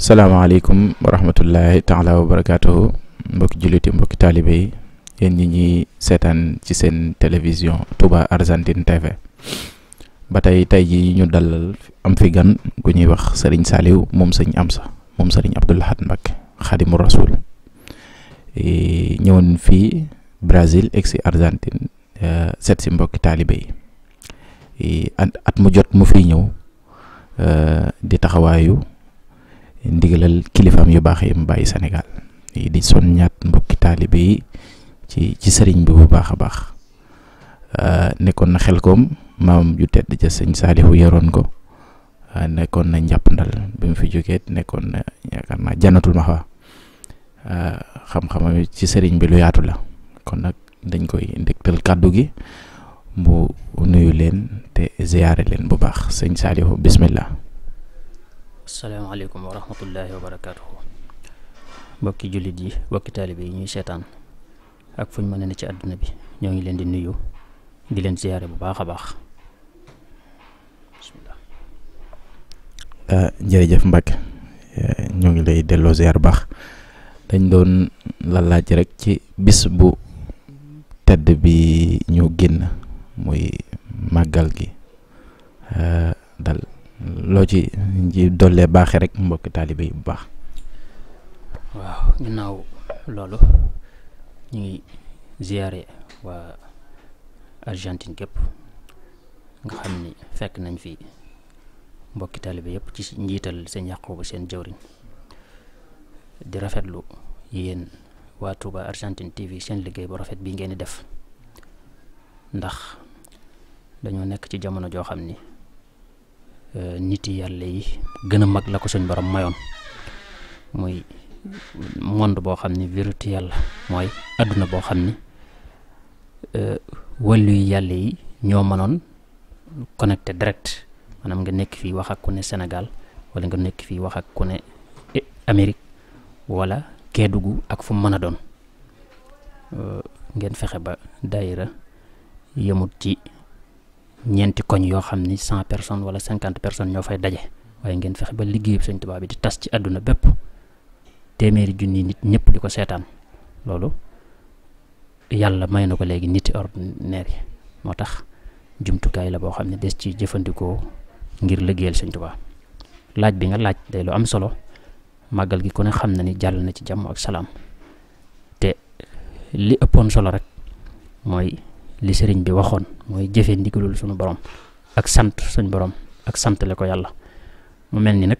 salaamaaleykum wa rahmatullahi taala wa barakaatuhu mbokki julliti mbokki taalibe yi yéen ñi ñuy seetaan ci seen télévision Touba Argentine TV ba tey tey ji ñu dalal am fi gan gu ñuy wax sëriñ Saliou moom sëñ Amsa moom sariñ Abdoul Ahad Mbacké xadimu rasul e, ñëwoon fii Brésil egg e, mbokki taalibe yi e, at mu jot mu fi ñëw di taxawaayu ndigalal kilifaam yu baax yi mu bàyyi Sénégal di son ñaat mbokki yi ci ci sëriñ bi bu baax a baax euh, nekkoon na xel koom maam ju tedd ja sëñ Saalihu yoroon ko euh, nekkoon na njàpp ndal bi mu fi jógee nekkoon na yaakaar naa janatul maxwa euh, xam-xamam ci sëriñ bi lu yaatu la kon nag dañ koy ndégtal kàddu gi mu nuyu leen te ziyaare leen bu baax sëñ Saalihu bismillah salaamaaleykum wa rahmatullahi wa barakaatuhu jullit yi mbokki taalibe yi ñuy seetaan ak fuñ mën a ne ci àdduna bi ñoo ngi leen di nuyu di leen ziyaare bu baax a baax bismillah ah, jërëjëf Mbacke ñoo ngi lay delloo ziyaar baax dañ doon la laaj rek ci bis bu tedd bi ñu génn muy màggal gi ah, dal loo ci ji dollee baaxee rek mbokki taalibe bu baax. waaw ginnaaw loolu ñu ngi ziare waa Argentine képp nga xam ni fekk nañ fi mbokki taalibe yëpp ci njiital seen yàquba seen jawriñ di rafetlu yéen waa Touba Argentine TV seen liggéey bu rafet bi ngeen di def ndax dañoo nekk ci jamono joo xam ni. Euh, nit yi yàlla yi gën a mag la ko suñ borom mayoon mooy monde boo xam ni virtuel la mooy adduna boo xam ni euh, wàllu yi yàlla yi ñoo mënoon connecté direct maanaam nga nekk fii wax ak ku ne senegal wala nga nekk fii wax ak ku ne eh, Amérique wala Kédougou ak fu mu mën a doon euh, ngeen fexe ba daayira yëmut ci ñeenti koñ yoo xam ni cent personnes wala cinquante personnes ñoo fay daje waaye ngeen fexe ba liggéeyub sëñ Tuubaa bi di tas ci àdduna bépp téeméeri junni nit ñëpp di ko seetaan loolu yàlla may na ko léegi niti ordinaire yi moo tax jumtukaay la boo xam ne des ci jëfandikoo ngir liggéeyal sëñ Tuubaa laaj bi nga laaj day lu am solo màggal gi ku ne xam na ni jàll na ci jàmm ak salaam te li ëppoon solo rek mooy li sëriñ bi waxoon mooy jëfe loolu suñu borom ak sant suñu boroom ak sant le ko yàlla mu mel ni nag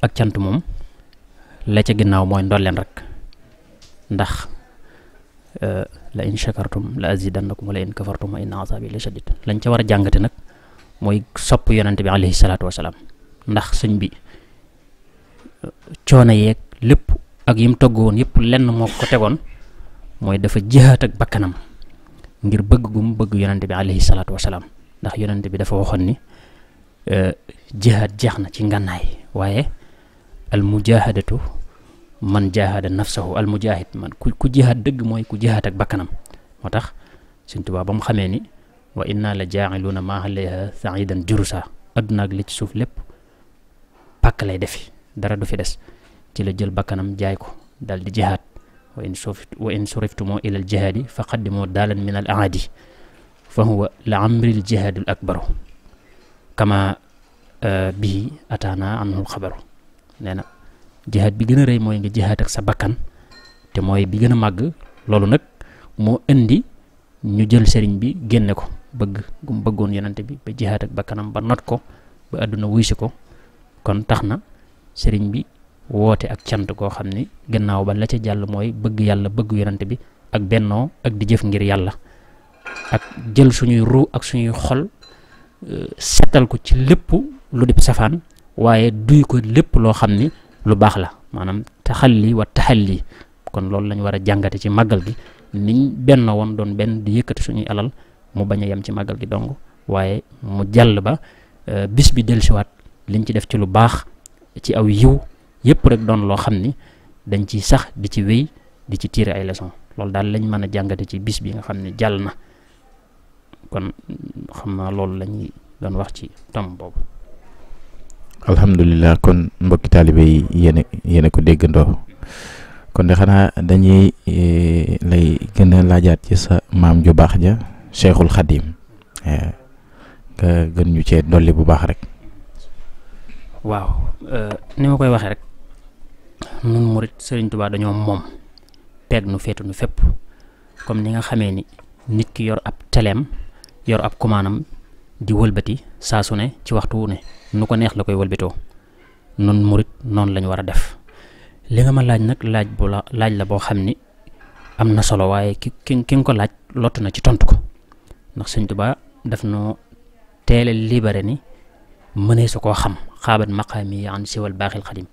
ak cant moom la ca ginnaaw mooy ndolleen rek ndax euh, la in shakartum la azidannakum wala in kafartum wa inna azabi la shadid lañ ca war a jàngate nag mooy sopp yonente bi alayhi salaatu salaam ndax sëñ bi euh, coono yeeg lépp ak yim togg woon yëpp lenn moo ko tegoon mooy dafa jihaat ak bakkanam ngir bëgg mu bëgg yonent bi alayhi salaat wasalaam ndax yonent bi dafa waxoon ni euh, jihaad jeex na ci ngànnaay waaye al mujahadatu man jahada nafsahu al mujahid man ku ku jihaad dëgg mooy ku jihaad ak bakkanam moo tax Sëñ Tuubaa ba mu xamee ni wa inna la na maa alayha sa'idan jurusa adduna ak li ci suuf lépp pakk lay defi dara du fi des ci la jël bakkanam jaay ko dal di jihaad wa in sufift wa in suriftumoo ila al jihaadi fa qaddimoo daalan min al aadi fa huwa la amril jihaadul akbaru kama bii ataana anhu xabaru nee na jihaad bi gën rey mooy nga jihaad sa bakkan te mooy bi gën a màgg loolu nag moo indi ñu jël sëriñ bi génne ko bëgg gum bëggoon yonante bi ba jihaad bakkanam ba not ko ba àdduna wuysi ko kon tax na sëriñ bi woote ak cant koo xam ni gannaaw ba la ca jàll mooy bëgg yàlla bëgg yonante bi ak bennoo ak di jëf ngir yàlla ak jël suñuy ruu ak suñuy xol euh, setal ko ci lépp lu dib safaan waaye duy ko lépp loo xam ni lu baax la maanaam taxalli wa taxalli kon loolu lañ war a jàngate ci màggal gi niñ benn woon doon benn di yëkkati suñuy alal mu bañ a yem ci màggal gi dong waaye mu jàll ba euh, bis bi dellusiwaat liñ ci def ci lu baax ci aw yiw yépp rek doon loo xam ni dañ ciy sax di ci wéy di ci tiire ay leçon loolu daal lañ mën a jàngate ci bis bi nga xam ne jàll na kon xam naa loolu lañuy doon wax ci tam boobu alhamdulilah kon mbokki taalibe yi yéen yéen ko déggandoo kon de xanaa dañuy e, lay gën laajaat ci sa maam ju baax ja Cheikhul Khadim e, nga gën ñu cee dolli bu baax rek waaw e, ni ma koy waxee rek nun murit Serigne Touba dañoo moom peeg nu féetu nu fépp comme ni nga xamee ni nit ki yor ab teleem yor ab commandam di walbati saa su ne ci waxtu wu ne nu ko neex la koy walbatoo nun murit noonu lañu war a def li nga ma laaj nag laaj bu la laaj la boo xam ni am na solo waaye ki ki ki nga ko laaj lott na ci tontu ko ndax Sëñ Tuubaa daf noo teele libéré ni mënee su koo xam xaabat maqaami an siwal baaxil xadim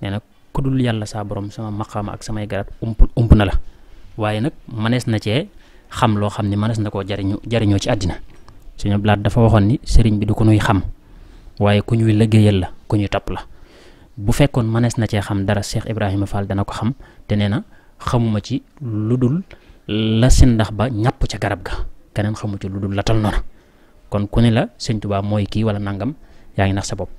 nee na ku dul yàlla saa borom sama maqaama ak samay garab ump ump na la waaye nag manees na cee xam loo xam ni mënees na koo jariñu jariñoo ci àddina suñu blaat dafa waxoon ni sëriñ bi du ko nuy xam waaye ku ñuy liggéeyal la ku ñuy topp la bu fekkoon mënees na cee xam dara seex Ibrahima Fall dana ko xam te nee na xamuma ci lu dul la seen ndax ba ñàpp ca garab ga keneen xamu ci lu dul la tal noona kon ku ne la sëñ Tuubaa mooy kii wala nangam yaa ngi nax sa bopp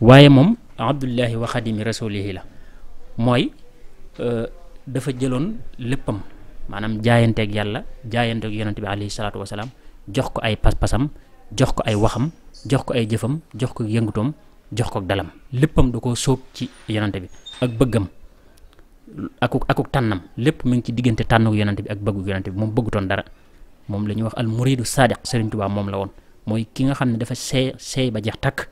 moom wa mooy euh, dafa jëloon léppam maanaam jaayanteeg yàlla jaayanteeg yonent bi alayhi salaatu wasalaam jox ko ay pas-pasam jox ko ay waxam jox ko ay jëfam jox ko yëngutoom jox ko dalam léppam du ko sóob ci yonent bi ak bëggam akuk akuk tànnam lépp mu ngi ci diggante tànnuk yonent bi ak bëggu yonent bi moom bëggutoon dara moom la ñuy wax al muridu sadiq Serigne Touba moom la woon mooy ki nga xam ne dafa seey seey ba jeex takk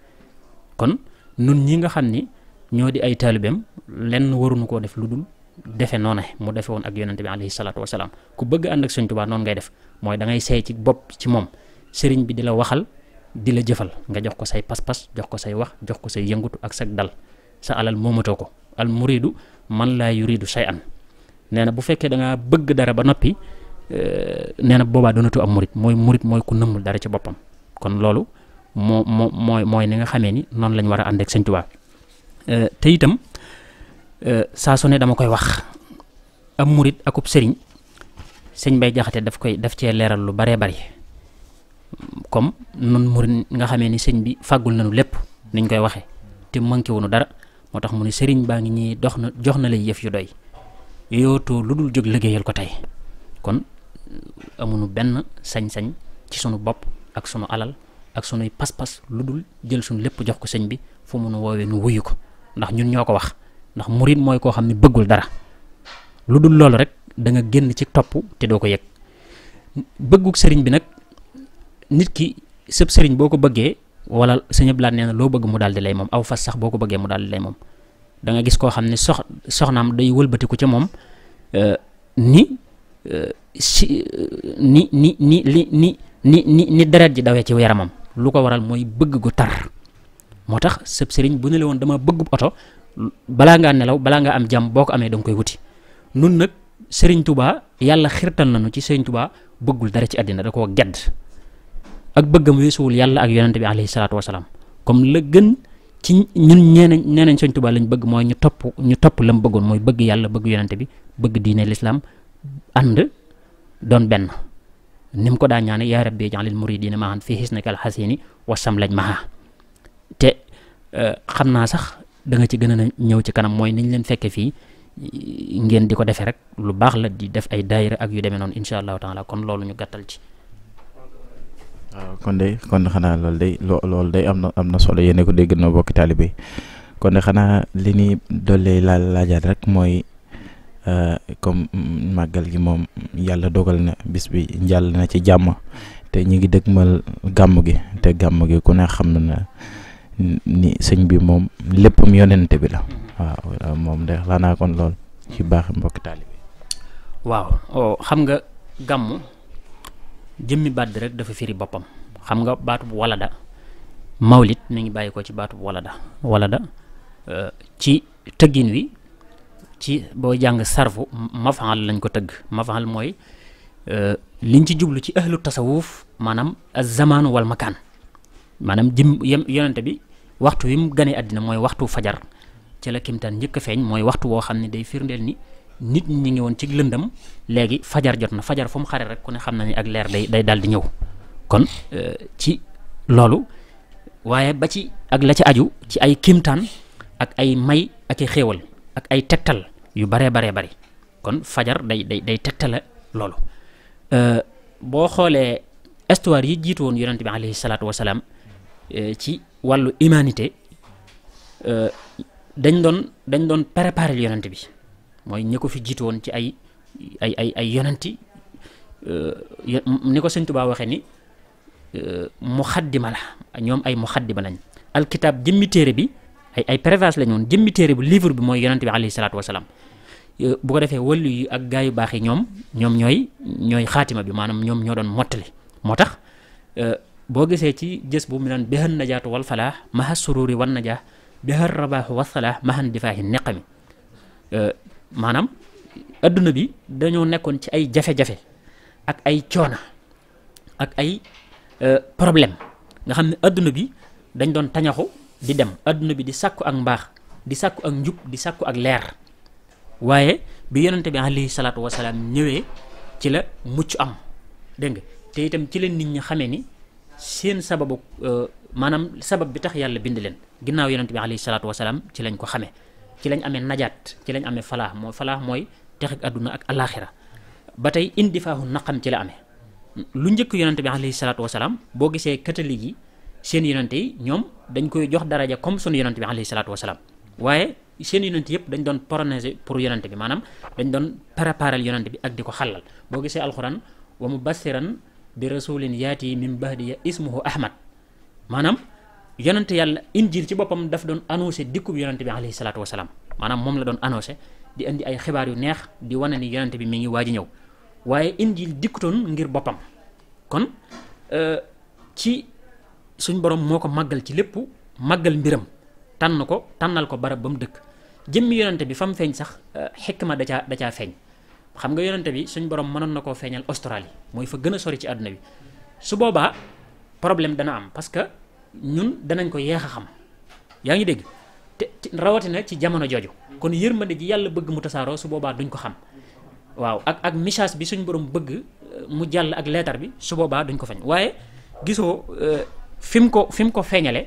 kon nun ñi nga xam ni ñoo di ay taalibeem lenn waruñu koo def lu dul defe noona mu defe woon ak yonente bi alayhi salaatu wasalaam ku bëgg ànd ak Sëñ Tuubaa noonu ngay def mooy dangay ngay ci bopp ci moom sëriñ bi di la waxal di la jëfal nga jox ko say pas-pas jox ko say wax jox ko say yëngutu ak sa dal sa alal moomatoo ko al muridu man laa yuridu say an nee na bu fekkee da ngaa bëgg dara ba noppi eh, nee na boobaa doonatu am murit mooy murit mooy ku nëmmul dara ci boppam kon loolu moo moo mooy mooy ni nga xamee ni noonu lañ war a ànd ak Sëñ Euh, te itam euh, saa su ne dama koy wax am murit akub sëriñ sëñ bay Jaxate daf koy def cee leeral lu baree bari comme nun murit nga xamee ni sëñ bi fàggul nañu lépp niñ koy waxe te manqué woonu dara moo tax mu ne sëriñ baa ngi ñii dox na jox na lay yëf yu doy yootoo lu dul jóg liggéeyal ko tey kon amuñu benn sañ-sañ ci sunu bopp ak su sunu alal ak su sunuy pas-pas lu dul jël sunu lépp jox ko sëñ bi fu mu nu woowee nu wuyu ko ndax ñun ñoo ko wax ndax murit mooy koo xam ne bëggul dara lu dul loolu rek danga génn ci topp te doo ko yëg bëggug sëriñ bi nag nit ki sëb sëriñ boo ko bëggee wala sëñ Abdoulaye nee na loo bëgg mu daal di lay moom aw fas sax boo ko bëggee mu daal lay moom da nga gis koo xam ne sox soxnaam day wëlbatiku ca moom euh, ni euh, si ni ni ni ni ni ni deret ji dawee ci yaramam lu ko waral mooy bëgg gu tar moo tax sëb sëriñ bu ne woon dama bëggu oto balaa ngaa nelaw balaa ngaa am jàmm boo ko amee da koy wuti nun nag sëriñ tubaa yàlla xirtal nañu ci sëriñ tubaa bëggul dara ci àddina da koo gedd ak mu weesuwul yàlla ak yonente bi alayhi salaatu wasalaam comme la gën ci ñun ñeenañ neenañ sëriñ tubaa lañ bëgg mooy ñu topp ñu topp lam bëggoon mooy bëgg yàlla bëgg yonente bi bëgg diine lislaam ànd doon benn ni ko daa ñaane yaa rabbi jaalil muridina maahan fii hisnika alxasini wasam lañ te euh, xam naa sax danga ci gën a ñëw ci kanam mooy niñ leen fekke fii ngeen di ko defee rek lu baax la di def ay daayira ak yu demee noonu incha allahu taala kon loolu ñu gàttal ci. kon de xanaa loolu day loo loolu day am na am na solo yéen ko dégg na bokki taalibe kon de xanaa li ni dolli laa laajaat rek mooy euh, comme màggal gi moom yàlla dogal na bis bi njàll na ci jàmm te ñu ngi dëgmal gàmm gi te gàmm gi ku ne xam na. ni sëñ bi moom léppam yonent bi la mhm. waaw moom de xanaa kon lool ci baax mbokk taalibe waaw xam nga gàmmu jëmmi baat bi rek dafa fiir boppam xam nga baatu baatub walada mawlit mi ngi bàyyi ko ci baatub walada walada e, ci tëggin wi ci boo jàng sarfu mafaal lañ ko tëgg mafaal mooy e, liñ ci jublu ci ahlu tasawuf maanaam az zamaan wal maanaam jëm yonente bi waxtu wi mu gane àddina mooy waxtu fajar ci la kimtaan njëkk a feeñ mooy waxtu woo xam ne day firndeel ni nit ñi ngi woon ci lëndam léegi fajar jot na fajar fu mu xare rek ku ne xam na ni ak leer day day daal di ñëw kon euh, ci loolu waaye ba ci ak la ci aju ci ay kimtaan ak ay may ak i xéewal ak ay tegtal yu baree baree bari kon fajar day day day tegtale loolu euh, boo xoolee histoire yi jiitu woon yonent bi alayhi salaatu wasalaam euh, ci wàllu humanité euh, dañ doon dañ doon préparer yonent bi mooy ñi ko fi jiitu woon ci ay ay ay ay yonenti euh, ni ko sëñ baa waxee ni euh, muxaddima la ñoom ay muxaddima lañ alkitab jëmmi téere bi ay ay préface lañ woon jëmmi téere bu livre bi mooy yonent bi alayhi salaatu wasalaam bu ko defee wàllu yi ak gaa yu baax yi ñoom ñoom ñooy ñooy xaatima bi maanaam ñoom ñoo doon mottale moo tax boo gisee ci jës bu mu naan bihal najaatu wal falaax maha sururi wan najaax bihal rabaaxu wa salaax mahan difaahi neqami euh, maanaam àdduna bi dañoo nekkoon ci ay jafe ak ay coona ak ay euh, problème nga ne adduna bi dañ doon tañaxu di dem àdduna bi di sàkku ak mbaax di sàkku ak njub di sàkku ak leer waaye bi yonente bi alayhi salaatu wasalaam ñëwee ci la mucc am dégg nga te itam ci la nit ñi xamee ni seen sababu euh, maanaam sabab bi tax yàlla bind leen ginnaaw yonent bi alayhi salaatu wasalaam ci lañ ko xamee ci lañ amee najaat ci lañ amee falaax mooy falaax mooy tex ak àdduna ak alaaxira ba tey indi faahu naqam ci la amee lu njëkk yonent bi alayhi salaatu wasalaam boo gisee catholique yi seen yonent yi ñoom dañ koy jox daraja comme sunu yonent bi alayhi salaatu wasalaam waaye seen yonent yëpp dañ doon pronéser pour yonent bi maanaam dañ doon préparer yonent bi ak di ko bi rasulin yaati min bahdi ya ismuhu ahmad maanaam yonente yàlla injil ci boppam daf doon annoncé dikkub yonente bi alayhi salaatu wasalaam maanaam moom la doon annoncé di indi ay xibaar yu neex di wane ni yonente bi mi ngi waaj a ñëw waaye injil dikkutoon ngir boppam kon euh, ci suñ borom moo ko màggal ci lépp màggal mbiram tànn ko tànnal ko bara ba mu dëkk jëmmi yonente bi fa mu feeñ sax euh, xikma da caa da caa feeñ xam nga yonente bi suñ borom mënoon na koo feeñal Australie mooy fa gën a sori ci àdduna bi su boobaa problème dana am parce que ñun danañ ko yeex a xam yaa ngi dégg te rawatina ci jamono jooju kon yërmande ji yàlla bëgg mu tasaaroo su boobaa duñ ko xam waaw ak ak message bi suñ borom bëgg euh, mu jàll ak leetar bi su boobaa duñ ko feeñ waaye gisoo euh, fi mu ko fim ko feeñale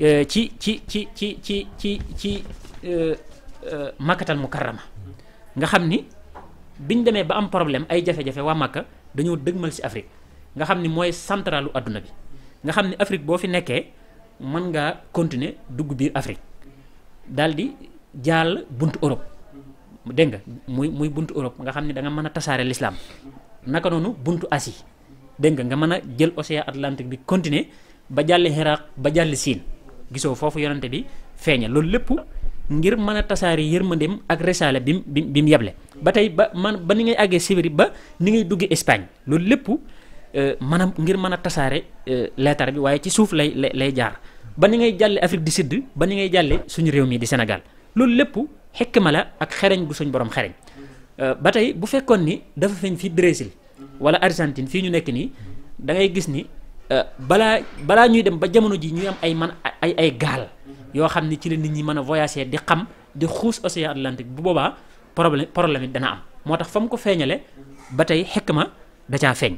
euh, ci ci ci ci ci ci ci makkatal mukarrama nga xam ni biñ demee ba am problème ay jafe-jafe waa Màkka dañoo dëgmal si Afrique nga xam ni mooy centralu àdduna bi nga xam ni Afrique boo fi nekkee mën nga continuer dugg biir Afrique daal di jàll buntu Europe dégg nga muy muy buntu Europe nga xam ni da nga mën a tasaare lislaam naka noonu buntu asi dégg nga nga mën a jël océan Atlantique bi continuer ba jàll Iraq ba jàll Siin gisoo foofu yonante bi feeña loolu lépp ngir mën a tasaare yërmandeem ak resale bi bi mu yeble ba tey ba man ba ni ngay àggee Séville ba ni ngay duggee Espagne loolu lépp euh, maanaam ngir mën a tasaare euh, leetar bi waaye ci suuf lay lay jaar ba ni ngay jàlle Afrique di Sud ba ni ngay jàlle suñu réew mii di Sénégal loolu lépp xekma la ak xereñ bu suñ borom xereñ euh, ba tey bu fekkoon ni dafa feeñ fii Brésil wala Argentine fii ñu nekk nii dangay gis ni balaa balaa ñuy dem ba jamono ji ñuy am ay man ay ay gaal yoo xam ni ci la nit ñi mën a voyager di xam di xuus océan bu boobaa problème problème it dana am moo tax fa mu ko feeñale ba tey xekk ma da feeñ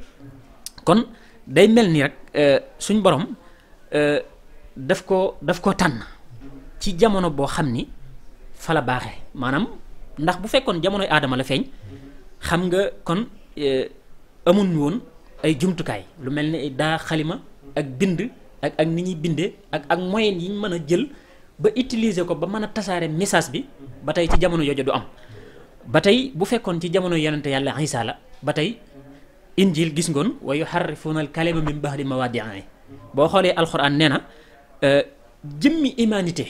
kon day mel ni rek euh, suñ borom euh, daf ko daf ko tànn ci jamono boo xam ni fa la baaxee maanaam ndax bu fekkoon jamonoy aadama la feeñ xam nga kon euh, amuñ woon ay jumtukaay lu mel ni daa xalima ak bind ak ak ni ñuy bindee ak ak moyen yi ñu mën a jël ba utiliser ko ba mën a tasaare message bi ba tey ci jamono jooju du am ba tey bu fekkoon ci jamono yonente yàlla Isaa la ba tey injil gis ngoon wa yuharrifuuna al kalima min ba'di mawaadi'ihi boo xoolee alxuraan nee na e, jëmmi imaanité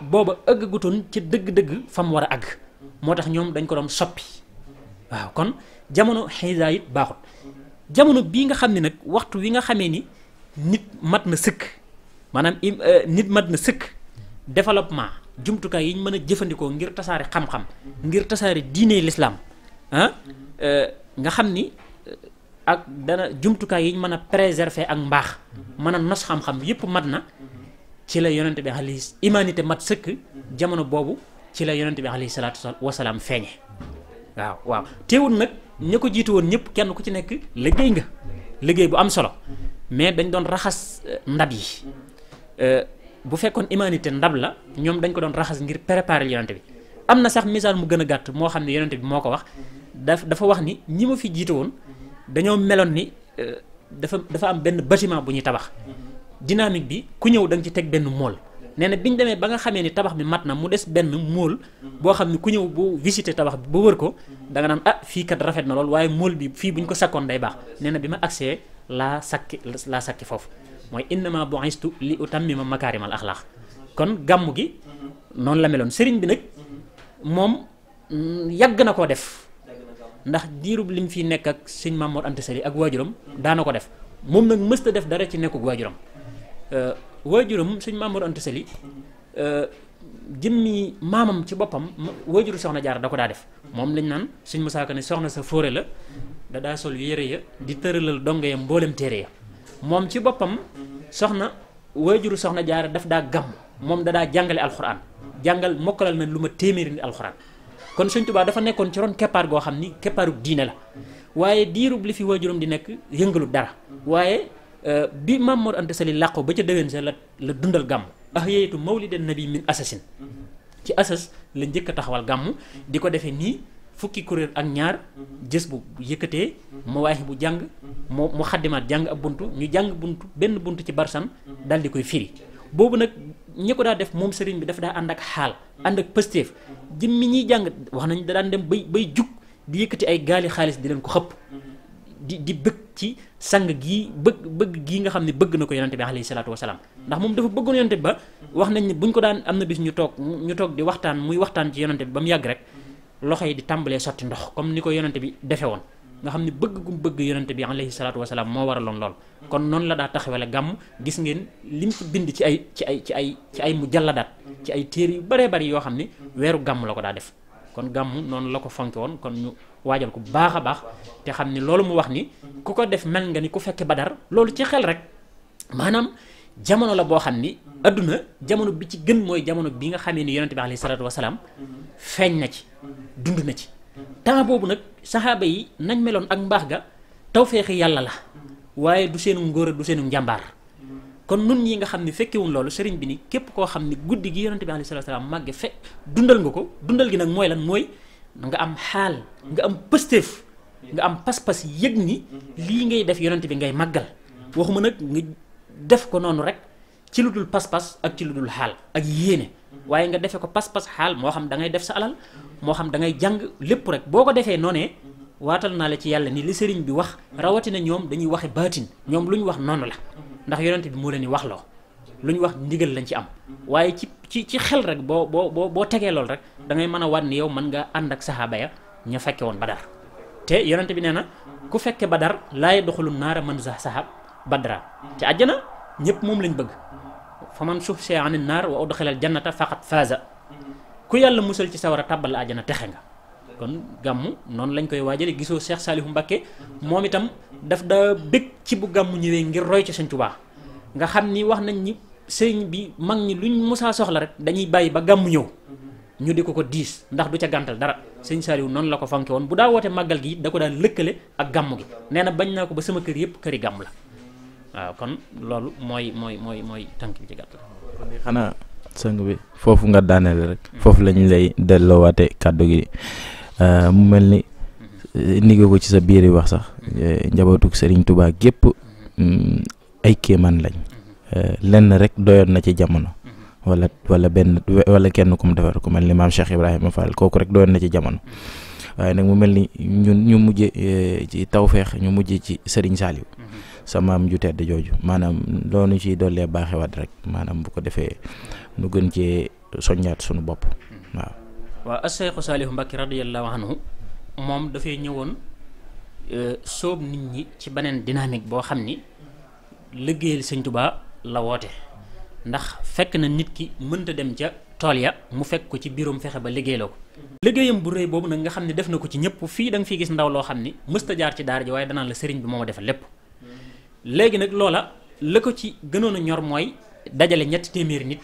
booba ëggagutoon ci dëgg-dëgg fa mu war a àgg moo tax ñoom dañ ko doon soppi waaw kon jamono Isaa it baaxut jamono bii nga xam ne nag waxtu wi nga xamee ni nit mat na sëkk maanaam e, nit mat na sëkk développement jumtukaay yi ñu mën a jëfandikoo ngir tasaari xam-xam ngir tasaari diine lislaam ah euh, nga xam ni euh, ak dana jumtukaay yi ñu mën a préserver ak mbaax mën a nos xam-xam yépp mat na ci la yonent bi alayhi imanité mat sëkk jamono boobu ci la yonent bi alayhi salaatu wasalaam feeñe waaw waaw teewul nag ña ko jiitu woon ñëpp kenn ku ci nekk liggéey nga liggéey bu am solo mais dañ doon raxas euh, ndab yi bu fekkoon humanité ndab la ñoom dañ ko doon raxas ngir préparer yonente bi am na sax misaal mu gën a gàtt moo xam ne yonente bi moo ko wax daf dafa wax ni ñi ma fi jiite woon dañoo meloon ni euh, dafa dafa am benn bâtiment bu ñuy tabax dynamique bi ku ñëw da nga ci teg benn mool nee na bi ñu demee ba nga xamee ni tabax bi mat na mu des benn mool boo xam ne ku ñëw bu visité tabax bi ba wër ko da nga ah fii kat rafet na lool waaye mool bi fii bu ñu ko sakkoon day baax nee na bi ma agsee laa sakki laa sakki foofu mooy innama bu'istu li utammima makaarimal axlaax kon gàmm gi noonu la meloon sëriñ bi nag moom mm, yàgg na koo def ndax diirub lim fi nekk ak sëñ Mamoor Anta Sali ak waajuram daana ko def moom nag mësta def dara ci nekkug waajuram euh, waajuram sëñ Mamoor Anta Sali euh, jëmmi maamam ci boppam waajuru soxna jaar da ko daa def moom lañ naan sëñ Musaa Ka ne soxna sa fóore la da daa sol yére ya di tëralal dongo ya mboolem téere ya moom ci boppam soxna waajuru soxna jaara daf daa gàmm moom da daa jàngale alxuraan jàngal mokkalal na lu ma téeméeri nit alxuraan kon Sëñ Tuubaa dafa nekkoon ci ron keppaar goo xam ni keppaaru diine la waaye diirub li fi waajuram di nekk yëngalu dara waaye euh, bi Maam Mor Anta Sali làqu ba ca déwén sa la la dundal gàmm li de nabi min asasin ci asas la njëkk a taxawal gàmm di ko defee nii fukki kuréel ak ñaar jës bu yëkkatee mm-hmm. mawaahi bu jàng mu mu xaddimaat jàng ab buntu ñu jàng buntu benn buntu ci barsan daal di koy firi boobu nag ñi ko daa def moom sëriñ bi dafa daa ànd ak xaal ànd ak pëstéef jëmmi ñiy jàng wax nañ da daan dem bay bay jug di yëkkati ay gaali xaalis di leen ko xëpp di di bëgg ci sang gii bëgg bëgg gii nga xam ne bëgg na ko yonante bi alayhi salaatu wasalaam ndax moom dafa bëggoon yonante bi ba wax nañ ne buñ ko daan am na bis ñu toog ñu toog di waxtaan muy waxtaan ci ba mu yàgg rek loxo yi di tàmbalee ndox comme ni ko yonante bi defe woon nga xam ne bëgg gum bëgg yonente bi alayhi salaatu wasalaam moo waraloon lool kon noonu la daa taxawale gàmm gis ngeen lim ci bind ci ay ci ay ci ay ci ay mujalladaat ci ay téere yu bëree bëri yoo xam ne weeru gàmmu la ko daa def kon gàmm noonu la ko fonke woon kon ñu waajal ko baax a baax te xam ni loolu mu wax ni ku ko def mel nga ni ku fekke badar loolu ci xel rek maanaam jamono la boo xam ni adduna jamono bi ci gën mooy jamono bi nga xamee ni yonente bi alayhi salaatu wasalaam feeñ na ci dund na ci temps boobu saxaaba yi nañ meloon ak mbaax ga tawféexi yàlla la waaye du seenum ngóor du seenu njàmbaar kon nun ñi nga xam ne fekkewuñ loolu sëriñ bi ni képp koo xam ni guddi gi yonente bi alayhi màgge fe dundal nga ko dundal gi nag mooy lan mooy nga am xaal nga am pëstéef nga am pas-pas yëg ni lii ngay def yonente bi ngay màggal waxuma nag ngi def ko noonu rek ci lu dul pas-pas ak ci lu dul xaal ak yéene waaye nga defe ko pas-pas xaal moo xam da ngay def sa alal moo xam da ngay jàng lépp rek boo ko defee noonee waatal naa la ci yàlla ni li sëriñ bi wax rawatina ñoom dañuy waxe baatin ñoom lu ñu wax noonu la ndax yonent bi moo leen di wax loo lu ñu wax ndigal lañ ci am waaye ci ci ci xel rek boo boo boo boo tegee loolu rek da ngay mën a waat ni yow mën nga ànd ak saxaaba ya ña fekke woon badar te yonent bi nee na ku fekke badar laay doxalu naara mën sax saxaab badra te àjjana ñëpp moom lañ bëgg fa man suxsiya ani naar wa udxila al jannata faqat faaza ku yàlla musal ci sawara tàbbal la àjjana texe nga kon gàmmu noonu lañ koy waajale gisoo Cheikh Saliou Mbacké moom itam daf da bëgg ci bu gàmmu ñëwee ngir roy ci Sëñ Tuubaa nga xam ni wax nañ ni sëñ bi mag ñi lu ñu musaa soxla rek dañuy bàyyi ba gàmmu ñëw ñu di ko ko diis ndax du ca gàntal dara sëñ Saliou noonu la ko fonke woon bu daa woote màggal gi da ko daan lëkkale ak gàmmu gi nee na bañ naa ko ba sama kër yëpp këri gàmmu la waaw kon loolu mooy mooy mooy mooy tënk bi ci gàttal. kon foofu nga daaneel rek. Mm. foofu lañ lay delloowaate kàddu gi euh, mu mel ni. Mm-hmm. indi nga ko ci sa biir yi wax sax. Mm-hmm. Eh, njabootuk sëriñ Touba gépp mm-hmm. mm, ay kéemaan lañ. Euh, lenn rekk doyoon na ci jamono. wala wala benn wala kenn ku mu defar ku mel ni maam Cheikh Ibrahima Fall kooku rek doyoon na ci jamono. waaye nag mu mel ni ñun ñu mujj eh, ci tawféex ñu mujj ci sëriñ Saliou. sa maam ju tedd jooju maanaam loolu ciy dollee baaxewaat rek maanaam bu ko defee nu gën cee soññaat suñu bopp waaw. waaw as-Seexu Saalihu Mbàkke radiyallaahu anhu moom dafay ñëwoon e, sóob nit ñi ci beneen dynamique boo xam ni liggéeyal Sëñ Tuubaa la woote ndax fekk na nit ki mënta dem ca tool ya mu fekk ko ci biirum fexe ba liggéeyloo liggéeyam bu rëy boobu nag nga xam ne def na ko ci ñëpp fii da nga fiy gis ndaw loo xam ni mësta jaar ci daara ji waaye danaan la sëriñ bi moo léegi nag loola la ko ci gënoon a ñor mooy dajale ñetti téeméeri nit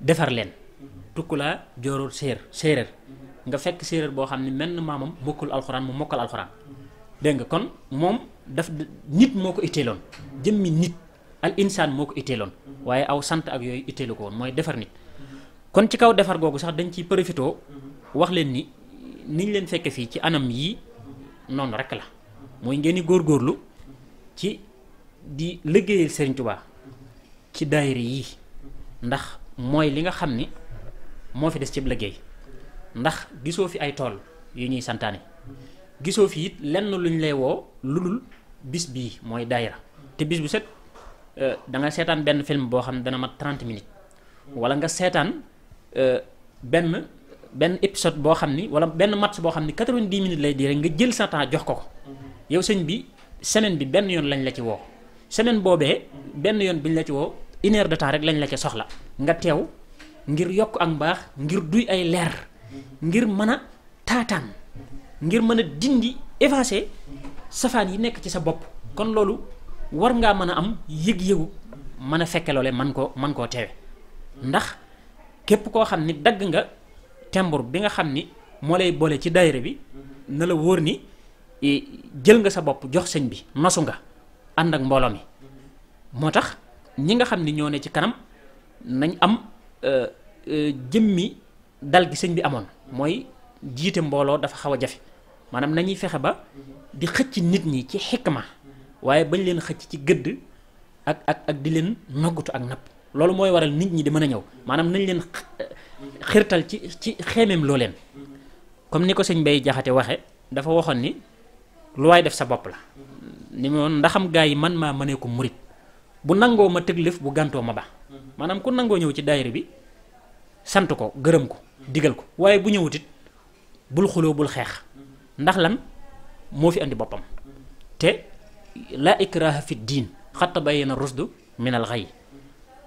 defar leen tukkulaa jooroor séer séeréer nga fekk séeréer boo xam ne menn maamam mokkul alxuraan mu mokkal alxuraan dégg nga kon moom daf nit moo ko itteeloon jëmmi nit al insaan moo ko itteeloon waaye aw sant ak yooyu itteelu ko woon mooy defar nit kon ci kaw defar googu sax dañ ci profité wax leen ni niñ leen fekke fii ci anam yi noonu rek la mooy ngeen di góorgóorlu ci di liggéeyal Serigne Touba ci daayira yii ndax mooy li nga xam ni moo fi des ci liggéey ndax gisoo fi ay tool yu ñuy santaane gisoo fi it lenn luñ lay woo lu dul bis bii mooy dayra te bis bu set euh, da nga seetaan benn film boo xam ne dana mat 30 minutes wala nga seetaan euh, benn benn épisode boo xam ni wala benn match boo xam ni 90 minutes lay di rek nga jël sa jox ko ko yow sëñ bi semaine bi benn yoon lañ la ci woo. semaine boobee benn yoon bi ñu la ci woo une heure de temps rek lañ la ci soxla nga teew ngir yokk ak mbaax ngir duy ay leer ngir mën a taataan ngir mën a dindi effacer safaan yi nekk ci sa bopp kon loolu war ngaa mën a am yëg-yëgu mën a fekke loole man koo man koo teewe ndax képp koo xam ni dagg nga tembur bi nga xam ni moo lay boole ci daayira bi na la wóor ni eh, jël nga sa bopp jox sëñ bi nosu nga ànd ak mbooloo mi moo tax ñi nga xam ni ñoo ne ci kanam nañ am euh, euh, jëmmi dal gi sëñ bi amoon mooy jiite mbooloo dafa xaw a jafe maanaam nañuy fexe ba di xëcc nit ñi ci xikma waaye bañ leen xëcc ci gëdd ak ak ak di leen noggutu ak napp loolu mooy waral nit ñi di mën a ñëw maanaam nañ leen xirtal ci ci xeemeem loo leen comme ni ko sëñ Bay Jaxate waxe dafa waxoon ni lu waay def sa bopp la ni ma woon ndaxam gaa yi man maa mënee ko murit bu nangoo ma tëglif bu gàntoo ma ba maanaam ku nangoo ñëw ci daayira bi sant ko gërëm ko digal ko waaye bu ñëwutit bul xuloo bul xeex ndax lan moo fi indi boppam te la ikraha fi diin xat tabayyana rusdu minal xay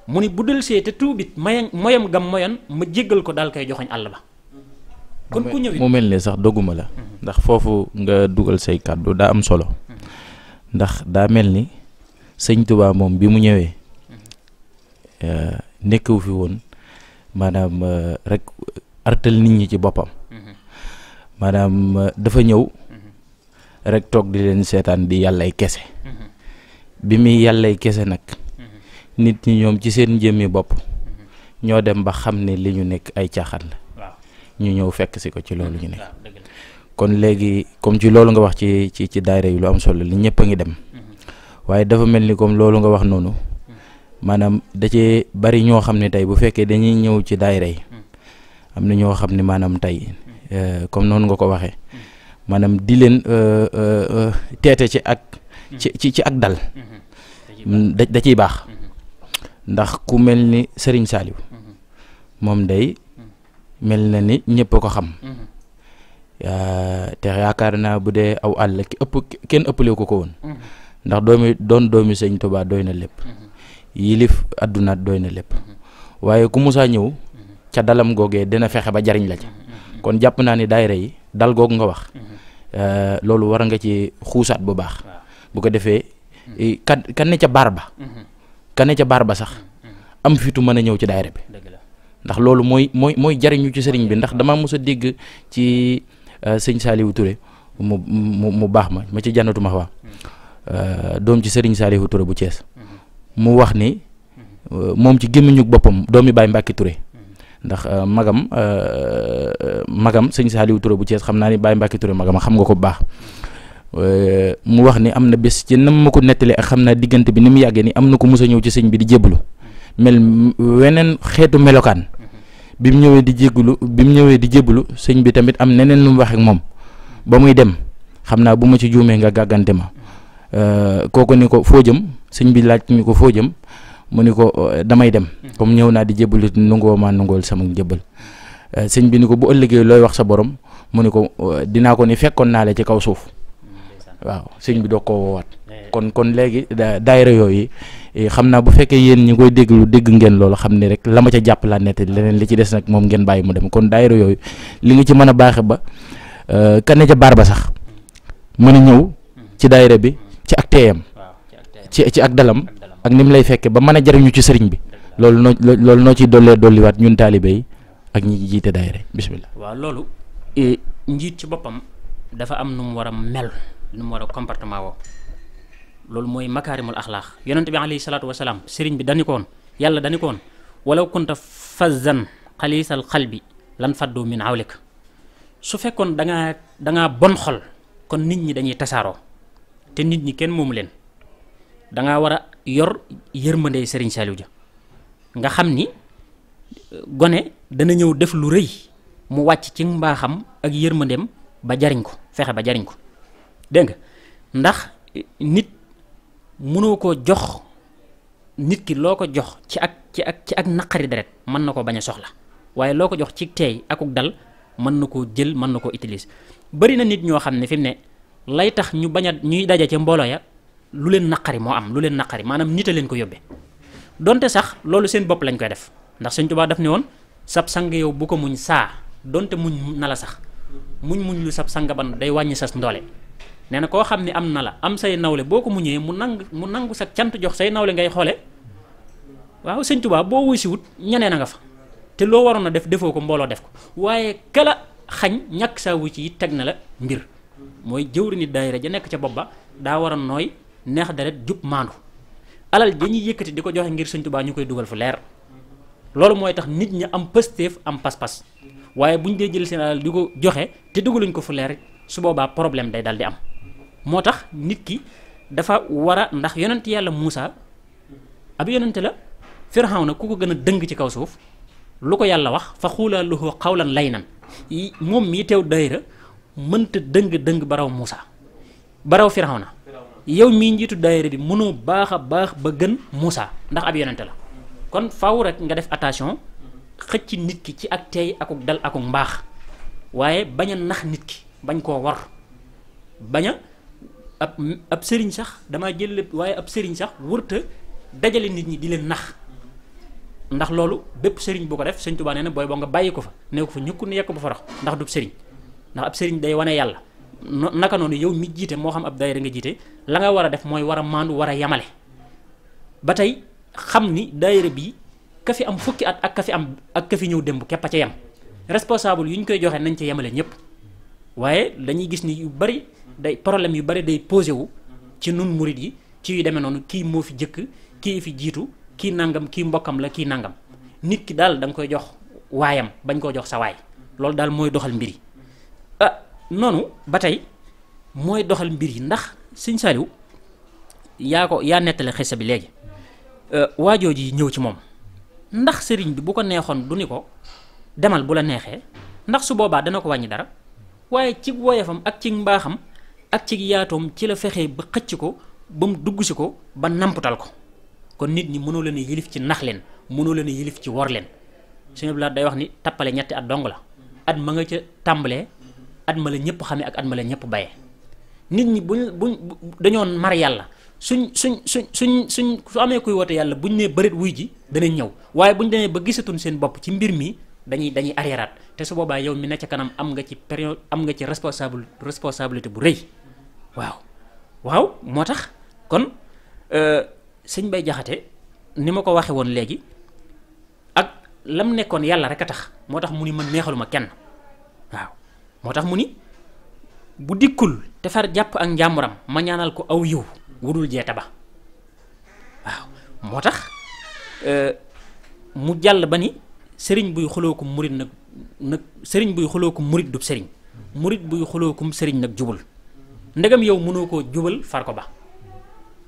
mu ni bu dul see te tuubit mayam moyam gam moyan ma jéggal ko daal koy joxoñ àll ba kon ku ñëwit mu mel ne sax dogguma la mm-hmm. ndax foofu nga dugal say kàddu daa am solo ndax daa mel ni sëñ tubaa moom bi mu ñëwee mhm. euh, nekkewu fi woon maanaam euh, rekk artal nit ñi ci boppam mhm. maanaam euh, dafa ñëw mhm. rekk toog di leen seetaan di yàllay kese bi muy yàllay kese nag nit ñi ñoom ci seen jëmmi bopp ñoo dem ba xam ne li ñu nekk ay caaxaan la ñu ñëw fekk si ko ci loolu ñu nekk kon léegi comme ci loolu nga wax ci ci ci daayira yi lu am solo li ñëpp a ngi dem mm-hmm. waaye dafa mel ni comme loolu nga wax noonu mm-hmm. maanaam da cee bari ñoo xam ne tey bu fekkee dañuy ñëw ci daayira yi mm-hmm. am na ñoo xam ne maanaam tey euh, comme noonu nga ko waxee maanaam di leen euh, euh, teete ci ak ci ci ak dal mm, da da baax ndax ku mel ni Serigne Saliou moom day mel na ni ñëpp a ko xam Euh, te yaakaar naa bu dee aw àll ki ëpp kenn ëppale ko ko woon mhm. ndax doomi doon doomi sëñ Tuubaa doy na lépp mhm. yilif àdduna doy na lépp mhm. waaye ku musaa ñëw ca dalam googee dina fexe ba jariñ la ca kon jàpp naa ni daayira yi dal googu nga wax euh, loolu war nga ci xuusaat bu baax bu ko defee kan kan ca baar ba kan ne ca baar ba sax am fitu mën a ñëw ci daayira bi ndax loolu mooy mooy mooy jariñu ci sëriñ bi ndax dama mës dégg ci Euh, sëñ saaliwu Touré mu mu baax ma ma ci jànnatu ma euh, doom ci sëriñ Saliou Touré bu Thiès mu wax ni euh, moom ci gémmiñu boppam doom mi Baye mbàkki ture ndax magam magam sëñ Saliou Touré bu Thiès xam naa ni Baye Mbacke Touré magam xam nga ko bu baax mu wax ni am na bés ci nam ma ko nettale ak xam naa diggante bi ni mu yàggee ni am na ko mus ñëw ci sëñ bi di jébbalu mel weneen xeetu melokaan bi mu ñëwee di jégalu bi mu ñëwee di jébalu sëñ bi tamit am neneen lu mu wax moom ba muy dem xam naa bu ma ci juumee nga gàggante ma euh, kooku ni ko foo jëm sëñ bi laaj ñu ko foo jëm mu ni ko euh, damay dem comme ñëw naa di jébalu nungoo maa nungool sama njëbal euh, sëñ bi ni ko bu ëllëgee looy wax sa borom mu ni ko dinaa ko ni fekkoon naa la ci kaw suuf waaw sëñ bi doo ko woowaat eh. kon kon léegi daayira yooyu Eh, xam naa bu fekkee yéen ñi koy déglu dégg ngeen loolu xam ne rek la ca jàpp laa nettali leneen li ci des nag moom ngeen bàyyi mu dem kon daayira yooyu li nga ci mën a baaxe ba euh, kane ca baar ba sax mën a ñëw ci daayira bi ci ak teeyam ci ci ak dalam ak ni mu lay fekke ba mën a jariñu ci sëriñ bi loolu noo loolu noo ciy dollee dolliwaat ñun taalibe yi ak ñi jiite daayira bismillah waaw loolu eh, njiit ci boppam dafa am nu mu war a mel nu mu war a comportement woo loolu mooy makaarimul axlaax yonent bi alayhi salaatu wasalaam sëriñ bi dañu ko woon yàlla dañu ko woon walaw kunta fazzan xaliisal bi lan faddu min awlik su fekkoon danga danga bon xol kon nit ñi dañuy tasaaroo te nit ñi kenn moomu leen da ngaa war a yor yërmande sëriñ Saliou ja nga xam ni gone dana ñëw def lu rëy mu wàcc ci mbaaxam ak yërmandeem ba jariñ ko fexe ba jariñ ko dégg ndax nit. mënoo koo jox nit ki loo ko jox ci ak ci ak ci ak naqari deret mën na ko bañ a soxla waaye loo ko jox ci teey akuk dal mën na koo jël mën na ko utiliser bari na nit ñoo xam ne fi ne lay tax ñu bañ a ñuy daje ca mbooloo ya lu leen naqari moo am lu leen naqari maanaam nit a leen ko yóbbee donte sax loolu seen bopp lañ koy def ndax Sëñ Tuubaa daf ne woon sab sang yow bu ko muñ saa donte muñ na la sax muñ muñ lu sab sang ban day wàññi sas ndoole nee na koo xam ne am na la am say nawle boo ko mu ñëwee mu nangu mu nangu sa cant jox say nawle ngay xoole waaw sëñ Tuubaa boo wuy si wut ñeneen a nga fa te loo waroon a def defoo ko mbooloo def ko waaye kala xañ ñàkk saa wu ci teg na la mbir mooy jëwri ni daayira ja nekk ca bopp ba daa war a nooy neex deret jub maandu alal ja ñuy yëkkati di ko joxe ngir sëñ ñu koy dugal fu leer loolu mooy tax nit ñi am pësteef am pas-pas waaye bu ñu dee jël seen alal ko joxe te dugaluñ ko fu leer su boobaa problème day dal di am. moo tax nit ki dafa war a ndax yonent yàlla Moussa ab yonent la na ku ko gën a dëng ci kaw suuf lu ko yàlla wax fa xuulaa lan lay nan moom mii teew dayra mënta dëng-dëng baraw Moussa baraw Firawna yow mii njiitu dayra bi mënoo baax a baax ba gën Moussa ndax ab yonent la kon faaw rek nga def attention xëcc nit ki ci ak teey ak dal akuk mbaax waaye bañ a nax nit ki bañ koo war bañ ab ab sëriñ sax damaa jël lépp waaye ab sëriñ sax wërta dajale nit ñi di leen nax ndax loolu bépp sëriñ bu ko def sëñ Tuubaa nee na booy boo nga bàyyi ko fa ne ko fa ñukku ne yekk ba fa ndax du sëriñ ndax sëriñ day wane yàlla naka noonu yow mi jiite moo xam ab daayira nga jiite la nga war a def mooy war a maandu war a yamale ba tey xam ni daayira bi ka am fukki at ak ka am ak ka ñëw démb képp a ca yam responsable yu ñu koy joxee nañ ca yemale ñëpp waaye dañuy gis ni yu bari day problème yu bari day posé wu ci nun murit yi ci yu demee noonu kii moo fi jëkk kii fi jiitu kii nangam kii mbokkam la kii nangam nit ki daal da koy jox waayam bañ koo jox sa waay loolu daal mooy doxal mbir yi ah, ba tey mooy doxal mbir yi ndax Sëñ Saliou yaa ko yaa nettale xisa bi léegi euh, waajoo ji ñëw ci moom ndax sëriñ bi bu ko neexoon du ni ko demal bu la neexee ndax su boobaa dana ko wàññi dara waaye ci woyefam ak ci mbaaxam ak ci yaatoom ci la fexee ba xëcc ko ba mu dugg si ko ba namputal ko kon nit ñi mënoo leen a ci nax leen mënoo leen a yilif ci wor leen su bilaat day wax ni tappale ñetti at dong la at ma nga ca tàmbalee at ma la ñëpp xamee ak at ma ñëpp bayee nit ñi buñ buñ mar yàlla suñ suñ suñ suñ suñ su amee kuy woote yàlla buñ nee bërit wuy ji danañ ñëw waaye buñ demee ba gisatuñ seen bopp ci mbir mi dañuy dañuy arriéraat te su boobaay yow mi ne ca kanam am nga ci période am nga ci responsable responsabilité bu rëy waaw waaw moo tax kon euh, sëñ bay jaxate ni ma ko waxe woon léegi ak lam nekkoon yàlla rek a tax moo tax mu ni man neexaluma kenn waaw moo tax mu ni bu dikkul te jàpp ak njàmburam ma ñaanal ko aw yiw wudul jeeta ba waaw moo tax euh, mu jàll ba ni sëriñ buy xulookum murit nag nag sëriñ buy xulookum murit du sëriñ murit buy xulookum sëriñ nag jubul ndegam yow mënoo ko jubal farko ba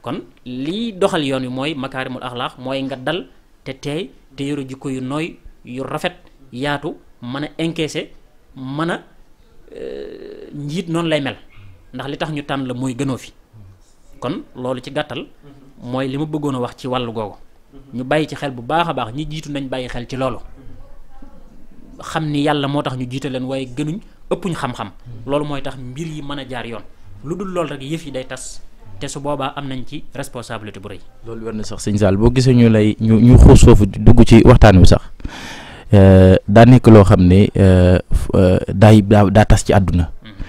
kon lii doxal yoon wi mooy makaarimul axlaax mooy nga dal te teey te yoru jikko yu nooy yu rafet yaatu mën a encaisser mën a euh, njiit noonu lay mel ndax li tax ñu tànn la mooy gënoo fi kon loolu ci gàttal mooy li ma bëggoon a wax ci wàllu googu ñu bàyyi ci xel bu baax a baax ñi jiitu nañ bàyyi xel ci loolu xam ni yàlla moo tax ñu jiite leen waaye gënuñ ëpp ñu xam-xam loolu mooy tax mbir yi mën a jaar yoon lu dul loolu rek yëf yi day tas te su boobaa am nañ ci responsabilité bu rëy. loolu wér na sax sëñ Sall boo gisee ñu lay ñu ñu xuus foofu dugg ci waxtaan wi sax euh, daa nekk loo xam ne euh, euh, daay daa daa tas ci àdduna mm-hmm.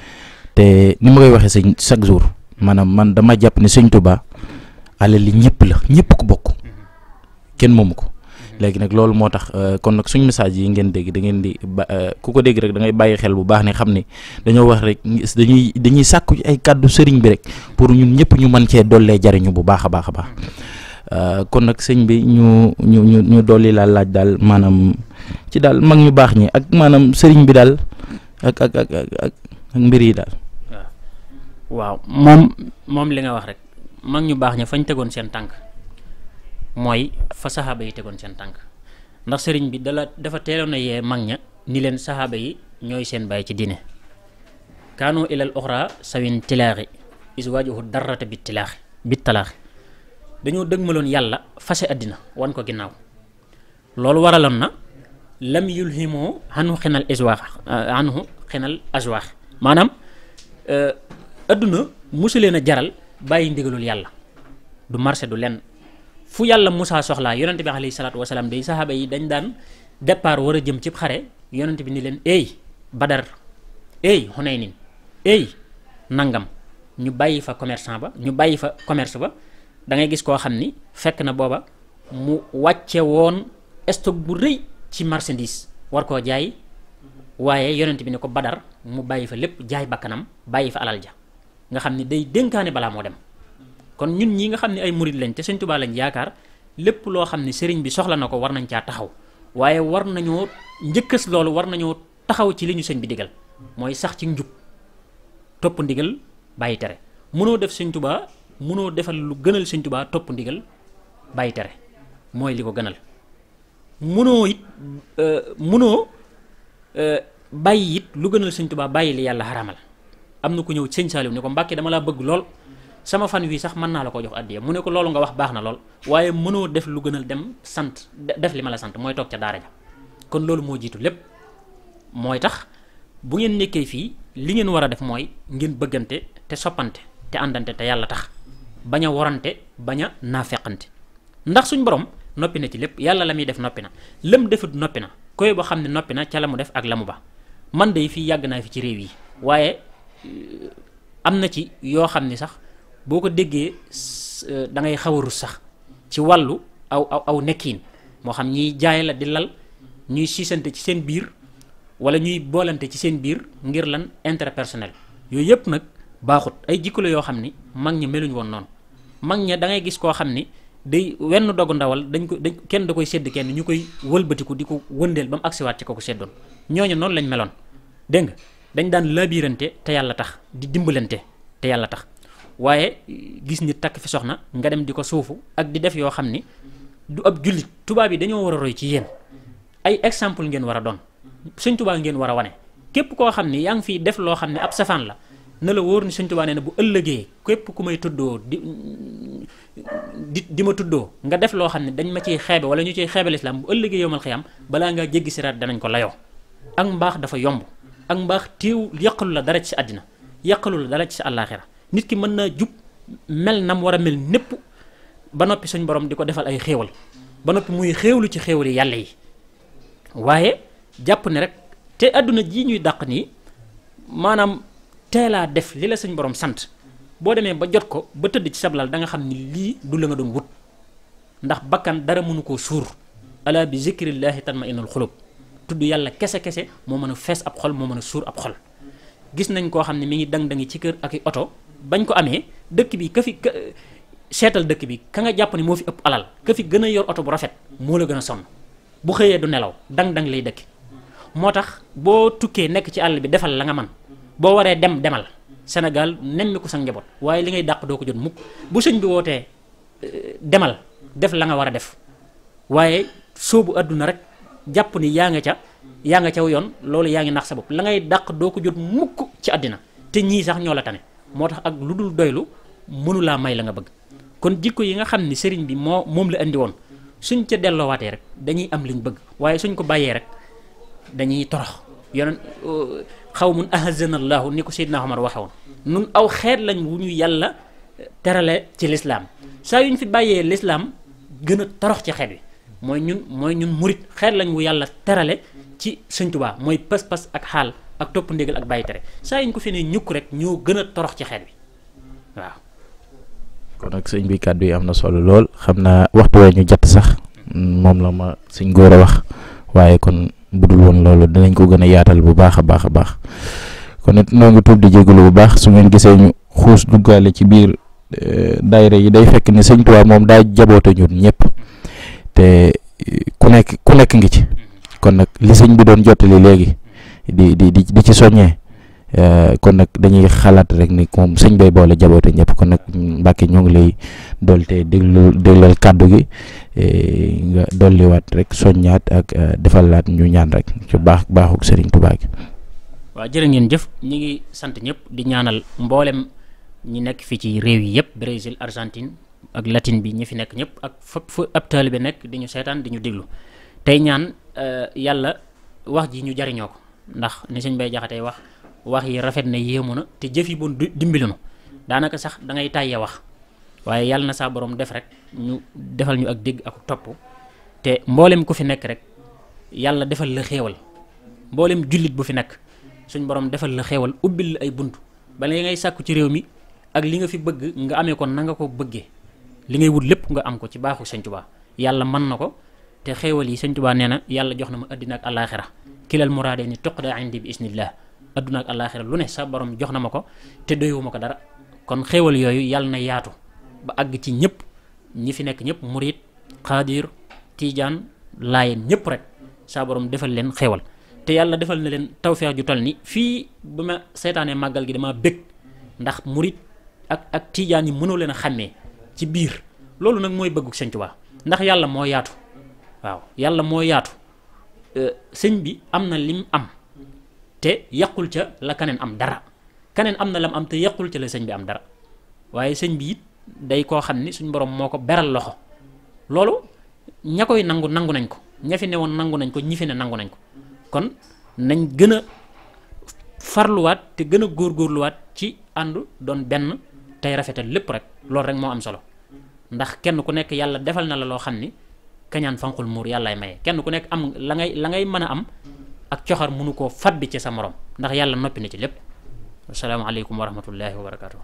te ni ma koy waxee sëñ chaque jour maanaam man dama jàpp ne sëñ ba alal li ñëpp la ñëpp ko bokk mm-hmm. kenn moomu ko. léegi nag loolu moo tax euh, kon nag suñ message yi ngeen dégg dangeen di ba euh, ku ko dégg rek da ngay bàyyi xel bu baax ne xam ni dañoo wax rek dañuy dañuy sàkku ay kàddu sëriñ bi rek pour ñu ñëpp ñu mën cee dollee jariñu bu baax a baax a baax euh, kon nag sëñ bi ñu ñu ñu ñu dolli laa laaj daal maanaam ci daal mag ñu baax ñi ak maanaam sëriñ bi daal ak ak mbir yi daal. waaw moom moom li nga wax rek mag ñu baax ñi fañ tegoon seen tànk. mooy fa saxaaba yi tegoon seen tànk ndax sëriñ bi dala dafa teeloon a yee mag ña ni leen saxaaba yi ñooy seen bàyyi ci diine kaanu ilal oxra sawin tilaaxi is waajohu darrata bi tilaaxi bi talaaxi dañoo dëgg dëgmaloon yàlla fase àddina wan ko ginnaaw loolu waraloon na lam yulhimoo xanu xinal iswaax xanu eh, xinal aswaax maanaam adduna eh, leen a jaral bàyyi ndigalul yàlla du marché du lenn fu yàlla Moussa soxlaa yonent bi alayhi salaatu wasalaam day saxaaba yi dañ daan départ war a jëm cib xare yonent bi ni leen ey Badar ey Xunaynin ey nangam ñu bàyyi fa commerçant ba ñu bàyyi fa commerce ba da ngay gis koo xam ni fekk na booba mu wàcce woon stock bu rëy ci marchandise war koo jaay waaye yonent bi ne ko Badar mu bàyyi fa lépp jaay bakkanam bàyyi fa alal ja nga xam ni day dénkaane balaa moo dem kon ñun ñi nga xam ne ay murit lañ te sëñ Tuubaa lañ yaakaar lépp loo xam ni sëriñ bi soxla na ko war nañ caa taxaw waaye war nañoo njëkkës loolu war nañoo taxaw ci li ñu sëñ bi digal mooy sax ci njub topp ndigal bàyyi tere mënoo def sëñ Tuubaa mënoo defal lu gënal sëñ Tuubaa topp ndigal bàyyi mooy li ko gënal mënoo it euh, mënoo euh, bàyyi it lu gënal sëñ Tuubaa bàyyi li yàlla xaramal am na ku ñëw sëñ Saaliw ne ko Mbàkke dama laa bëgg lool sama fan wii sax mën naa la ko jox addiya mu ne ko loolu nga wax baax na lool waaye mënoo def lu gënal dem sant def li ma la sant mooy toog ca daara ja kon loolu moo jiitu lépp mooy tax bu ngeen nekkee fii li ngeen war a def mooy ngeen bëggante te soppante te àndante te yàlla tax bañ a warante bañ a naafeqante ndax suñ borom noppi na ci lépp yàlla la muy def noppi na lëm defut noppi na koy boo xam ne noppi na ca la mu def ak la mu ba man de fii yàgg naa fi ci réew yi euh, na ci yoo xam ni sax boo ko déggee euh, dangay ngay xaw a rus sax ci wàllu aw aw nekkiin moo xam ñiy jaay la di lal ñuy siisante ci seen biir wala ñuy boolante ci seen biir ngir lan interpersonnel yooyu yëpp nag baaxut ay jikko la yoo xam ni mag ñi meluñ woon noonu mag ña da ngay gis koo xam ni day wenn dogu ndawal dañ ko dañ kenn da koy sedd kenn ñu koy wëlbatiku di ko wëndeel ba mu agsiwaat ci ko ko séddoon ñooñu noonu lañ meloon dégg nga dañ daan labirante te yàlla tax di dimbalante te yàlla tax waaye gis nit takk fi soxna nga dem di ko suufu ak di def yoo xam ni du ak jullit tubaab yi dañoo war a roy ci yéen ay exemple ngeen war a doon sëñ tubaa ngeen war a wane képp koo xam ni yaa ngi fiy def loo xam ne ab safaan la na la wóor ni sëñ nee na bu ëllëgee képp ku may tuddoo di di di ma tuddoo nga def loo xam ne dañ ma ciy xeebe wala ñu ciy xeebe lislaam bu ëllëgee yowmal xiyam balaa ngaa jéggi siraat danañ ko layoo ak mbaax dafa yomb ak mbaax téew yàqalu la dara ci àddina yàqalu la ci sa nit ki mën naa jub mel nam war a mel népp ba noppi suñ borom di ko defal ay xéewal ba noppi muy xéewlu ci xéewal yi yàlla yi waaye jàpp ne rek te àdduna ji ñuy dàq nii maanaam teelaa def li la suñ borom sant boo demee ba jot ko ba tëdd ci sablal danga xam ni lii du la nga doon wut ndax bakkan dara mënu koo suur ala bi zikrillaahi tatma innul xulub tudd yàlla kese kese moo mën a fees ab xol moo mën a suur ab xol gis nañ koo xam ne mu ngi dang dangi ci kër ak i oto bañ ko amee dëkk bi ka fi seetal dëkk bi ka nga jàpp ni moo fi ëpp alal ka fi gën a yor oto bu rafet moo la gën a sonn bu xëyee du nelaw dang-dang lay dëkk moo tax boo tukkee nekk ci àll bi defal la nga man boo waree dem demal Sénégal nemmi ko sa njaboot waaye li ngay dàq doo ko jot mukk bu sëñ bi wootee euh, demal def la nga war a def waaye soobu àdduna rek jàpp ni yaa nga ca yaa nga caw yoon loolu yaa ngi nax sa bopp la ngay dàq doo ko jot mukk ci àddina te ñii sax ñoo la tane moo tax ak lu dul doylu mënulaa may la nga bëgg kon jikko yi nga xam ni sëriñ bi moo moom la indi woon suñ ca delloowaatee rek dañuy am liñ bëgg waaye suñ ko bàyyee rek dañuy torox yonen euh, xaw mun ahazanallahu ni ko Seydina Omar waxe woon nun aw xeet lañ wu ñu yàlla terale ci lislaam saa yu ñu fi bàyyee lislaam gën a torox ci xeet wi mooy ñun mooy ñun murit xeet lañ wu yàlla terale ci Sëñ Tuubaa mooy pas-pas ak xaal ak topp ndigal ak bàyyi tere saa yi ñu ko fi ne ñukk rek ñoo gën a torox ci xeet bi waaw. kon nag sëñ bi kàddu yi am na solo lool xam naa waxtu waa ñu jot sax moom la ma sëñ góor a wax waaye kon budul woon loolu danañ ko gën a yaatal bu baax a baax a baax kon it noo ngi tuub di jégalu bu baax su ngeen gisee ñu xuus duggaale ci biir eh, daayira yi day fekk ni sëñ Tuubaa moom daa jaboote ñun ñëpp te eh, ku nekk ku nekk ngi ci kon nag li sëñ bi doon jottali léegi. di di di ci soññee eh, kon nag dañuy xalaat rek ni moom sëñ bay boole jaboote ñëpp kon nag mm, Mbàkke ñoo ngi lay dool te déglu déglal kàddu gi eh, nga dolliwaat rek soññaat ak eh, defalaat ñu ñaan rek ci baax baaxu sëriñ Tuubaa gi waaw jërë ngeen jëf ñu ngi sant ñëpp di ñaanal mboolem ñi nekk fii ci réew yi yëpp Brésil Argentine ak Latine bi ñi fi nekk ñëpp ak fépp fu ab taalibe nekk di ñu seetaan di ñu déglu tey ñaan yàlla wax ji ñu jariñoo ko ndax ni sëñ bay jaxatee wax wax yi rafet na yéemu na te jëf yi bon dimbali na daanaka sax da ngay tàyyee wax waaye yàlla na saa boroom def rek ñu defal ñu ak dégg ak topp te mboolem ku fi nekk rek yàlla defal la xéewal mboolem jullit bu fi nekk suñ borom defal la xéewal ubbil la ay bunt bala ngay sàkku ci réew mi ak li nga fi bëgg nga amee ko na nga ko bëggee li ngay wut lépp nga am ko ci baaxu sëñ Tuubaa yàlla mën na ko te xéewal yi sëñ Tuubaa nee na yàlla jox na ma àddina ak kilal muraade ni tuq da indi bi isnillah adduna ak àllaaxira lu ne sa borom jox na ma ko te doyuma ko dara kon xewal yooyu yàlla na yaatu ba àgg ci ñëpp ñi fi nekk ñëpp murit xaadir tiijaan laayeen ñëpp rek saa borom defal leen xéewal te yàlla defal na leen tawfeex ju toll ni fii bu ma seetaanee màggal gi dama bëgg ndax murit ak ak tiijaan yi mënoo leen a xàmmee ci biir loolu nag mooy bëggu Sëñ Tuubaa ndax yàlla moo yaatu waaw yàlla moo yaatu Euh, sëñ bi am na lim am te yàqul ca la kaneen am dara kaneen am na lam am te yàqul ca la sëñ bi am dara waaye sëñ bi it day koo xam ni suñ boroom moo ko beral loxo loolu ña koy nangu nangu nañ ko ña fi newoon nangu nañ ko ñi fi ne nangu nañ ko kon nañ gën a farluwaat te gën a góorgóorluwaat ci ànd doon benn tey rafetal lépp rek loolu rek moo am solo ndax kenn ku nekk yàlla defal na la loo xam ni keñaan fanqul muur yàllaay maye kenn ku nekk am la ngay la ngay mën a am ak coxar mënu koo fabbi ci sa morom ndax yàlla noppi na ci lépp asalaamaaleykum wa rahmatullahi wa barakaatu.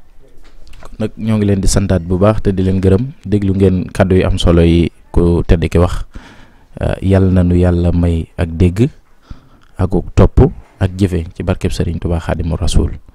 nag ñoo ngi leen di santaat bu baax te di leen gërëm déglu ngeen kàddu yu am solo yi ku tedd ki wax euh, yàlla na nu yàlla may ak dégg ak topp ak jëfe ci barkeb Sëriñ Tuubaa Xaadimu Rasuul